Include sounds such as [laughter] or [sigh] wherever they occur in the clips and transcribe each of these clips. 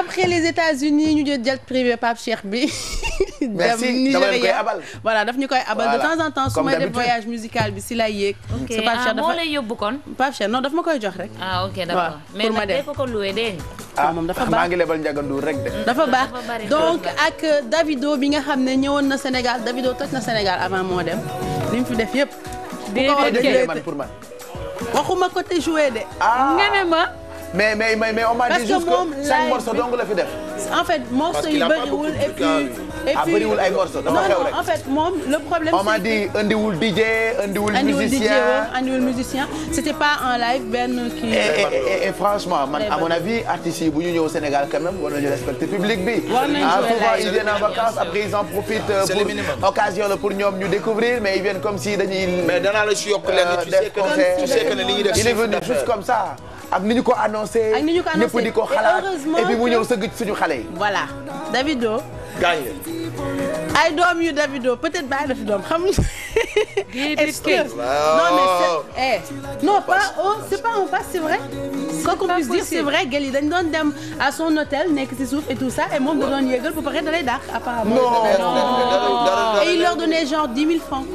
après les États-Unis ñu jël jet privé Pape Cheikh bi. [laughs] merci dama leen koy abal voilà daf ñu koy ma koy jox rek. ah ok d' accord mais nag dee ko ko loué dégg nga. Ah, moom dafa ba maa a lebal njagandu rek de. Mm, Davido bi nga xam ne ñëwoon na Sénégal Davido toj na Sénégal avant moo dem li mu fi def yëpp. déedéet man pour waxuma côté joué de. Ah. nga ne ma. mais mais mais on m'a dit juste dong la fi def. en fait morceaux yi bëriwul et puis. Ah, ay morceaux dafa xew rek non non en fait moom le problème. on m'a dit andiwul DJ andiwul. musicien andiwul musicien c'était pas en live benn kii. et man à mon avis artistes yi bu ñu ñëw Sénégal quand même war nañu respecter public bi. war nañu souvent ah, ils viennent en vacances après ils euh, pour occasion la pour ñoom ñu découvrir mais ils viennent comme si dañuy. mais euh, def. il est venu juste comme ça. ak ni ñu ko annoncé. ak ni ñu ko annoncé ñëpp di ko xalaat et puis mu ñëw sëgg suñu xale yi. voilà Davido. gaañ ay doom yu Davido peut-être bàyyi na fi doom xam nga. excuse non mais c'est eh. non pas oh c'est pas en face c'est vrai. quoi qu'on puisse dire c'est vrai gel yi dañ doon dem à son hôtel nekk ci suuf et tout ça et moom da doon yëgal ba pare da lay dàq apparemment. non non et il leur donnait genre dix mille francs.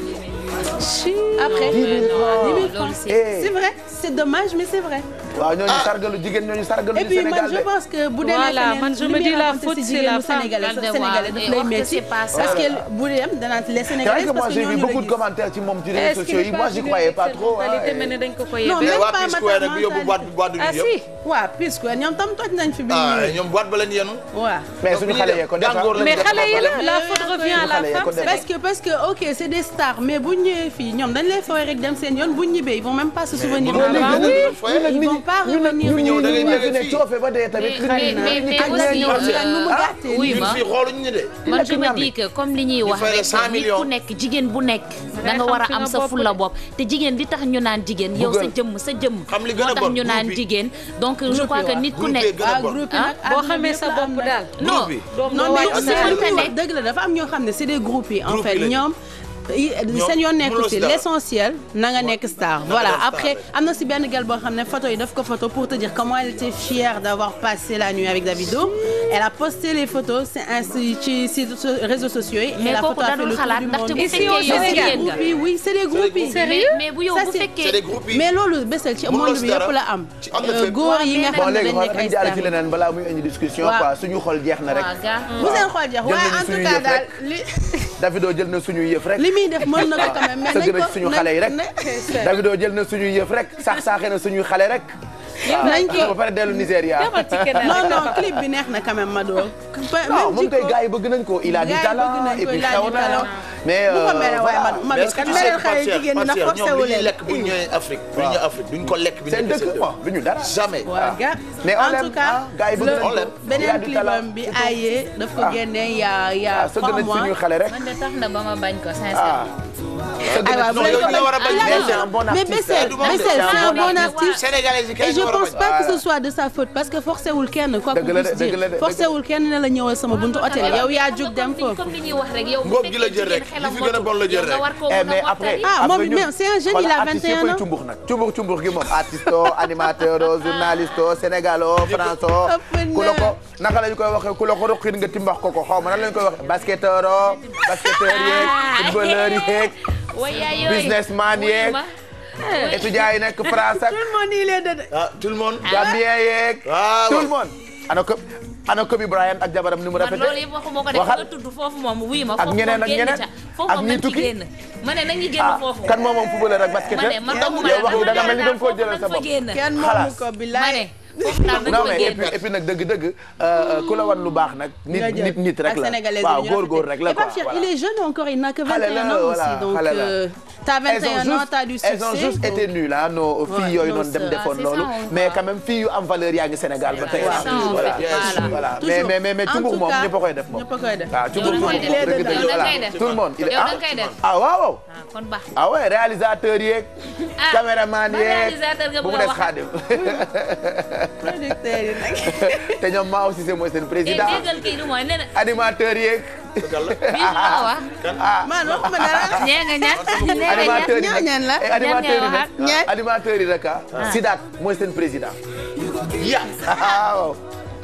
après euh, c'est vrai c'est dommage mais c'est vrai. waaw ñooñu ah. sargalu jigéen ñooñu sargalu Sénégal et puis man je pense que bu demee voilà man je me dis la faute c'est la femme sénégalais daf lay métti parce que bu dem danaa les sénégalais parce que ñooñu la gis. c'est vrai que moi j'ai vu beaucoup de commentaires ci moom ci réseaux sociaux yi moi j'y croyais pas trop ah. non même pas matamata ah si waaw puisque ñoom tam toj nañ fi. ah ñoom boîte ba la ñu yenu. waaw mais suñu xale yee ko def ah. mais xale yi la la faute revient à la femme parce que parce que ok c'est des stars mais bu ñëwee fii ñoom dañ lay fooy dem seen yoon bu ñibbee ils vont même pas se souvenir. ah oui ils vont pas revenir. ñu ba mais ma ah, man comme li ñuy wax rek nit ku nekk jigéen bu nekk. da nga war am sa fulla bopp te jigéen li tax ñu naan jigéen. yow sa jëmm sa jëmm. moo tax ñu naan jigéen donc je crois que nit ku nekk. Ah, ah boo xamee sa bopp daal. no non mais aussi mënta nekk dëgg la dafa am ñoo xam ne c'est des groupes yi en ñoom. seen yoon nekku si l'essentiel na nga nekk star voilà après am na si benn gel boo xam ne yi daf ko photo pour te dire comment elle était fière d'avoir passé la nuit avec Davido elle a posté les photos c'est ainsi ci réseaux sociaux yi mais kooku dadul xalaat ndaxte bu fekkee groupies oui c'est des groupies sérieux mais bu yow bu fekkee mais loolu bésal la am euh, góor yi nga xam ne dañ nekk ay star ci leneen balaa muy indi discussion quoi suñu en tout cas daal li [laughs] Davido jël na suñu yëf muy def mën na ko quand même. mais nañ ko sëgg na suñu xale yi rek. Davido jël na suñuy yëf rek saax saaxee na suñuy xale rek. nañ ko ba pare dellu Nigéria. non clip bi neex na quand même Mado. non moom kay bëgg nañ ko ila di du talent et puis xew na mais bu ko euh, meree waaye Mado Mado kat mereel xale jigéen ñi na forcé wu leen. lekk bu ñu ñëwee Afrique bu ñu ñëwee Afrique duñ ko lekk. bi ñu nekk seen dëkk quoi duñu dara jamais. Ah. mais on l'aime en tout cas ah, le beneen clipam bi Aye daf ko ah. génnee ya a y a trois mois man de tax na ba ma bañ ko sincèrement aywa bu leen ko bañ mais Bessel bon artiste et je pense pas que ce soit de sa faute parce que forcé wul la ñëwal sama buntu hôtel yow yaa jóg dem foofu. ngóob gi la jël rek li fi gën a bon la jël rek. Eh, mais après ah moom même c'est un jeune il a 21 ans. [laughs] la ko naka lañ koy nga timbax ko yeeg. businessman yeeg. étudiant yi nekk France ak. tout le monde i est dedans. ah tout le monde. Gambien ah. yeeg. Ah, tout le monde. ana ko ana ko ak jabaram ni mu rafetee. man loolu yëpp waxuma ko de nga tudd foofu moom wuy ma. ak ñeneen ak ah, foofu. kan moom moom footballeur ak basketteur. ma ne man doogu ma la yow wax da nga mel ni da nga koo non mais et nag dëgg dëgg euh, euh, ku la wan lu baax nag nit nit nit rek la waaw góor góor rek la il est jeune encore il n'a que 21 ans aussi donc euh, t'as 21 ans t'as du succès elles dem defoon loolu mais quand même filles am valeur yaa ngi Sénégal ba tey voilà mais mais mais mais Tumbuk moom ñëpp a koy def moom waaw Tumbuk moom dëgg dëgg voilà tout le monde il est ah, ah waaw ah, ah ouais réalisateur yeeg ah. caméraman yeeg bu mu producteur yi nag. [laughs] te ñoom maa aussi mooy seen président eh, animateur yeeg. Ah. man waxuma dara. ñee nga eh, animateur yi nag ah, animateur yi nag ah. Sidaat mooy seen président. yaa waaw.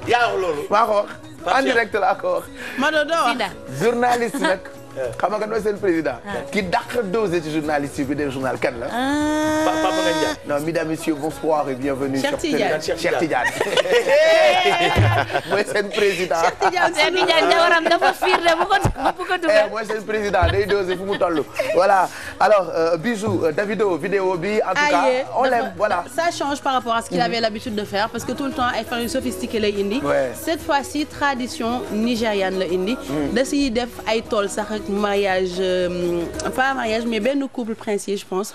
yaa wax loolu. maa ko wax en direct laa ko wax. Mado doo wax journaliste nag. xam nga kan mooy seen président. Ah. ki dàq dosé ci journaliste yi bi journal kan la. Ah. Papa Ngagne Ndiaye. non mesdames messieurs bonsoir et bienvenue. Cheikh Tidiane Cheikh Tidiane. [laughs] mooy seen président. Cheikh Tidiane Cheikh Tidiane jawaram dafa fiir de bu ko bu ko dugal. Eh, mooy seen mu toll. voilà alors euh, bisou euh, Davido vidéo bi en tout ah, cas. on l'aime voilà. ça change par à ce qu'il mm-hmm. avait l'habitude de faire parce que tout le temps ay fan yu sophistiqué lay indi. cette fois-ci tradition nigériane indi. Mm. da ciy def ay tool sax. mariage euh, pas mariage mais benn couple princier je pense.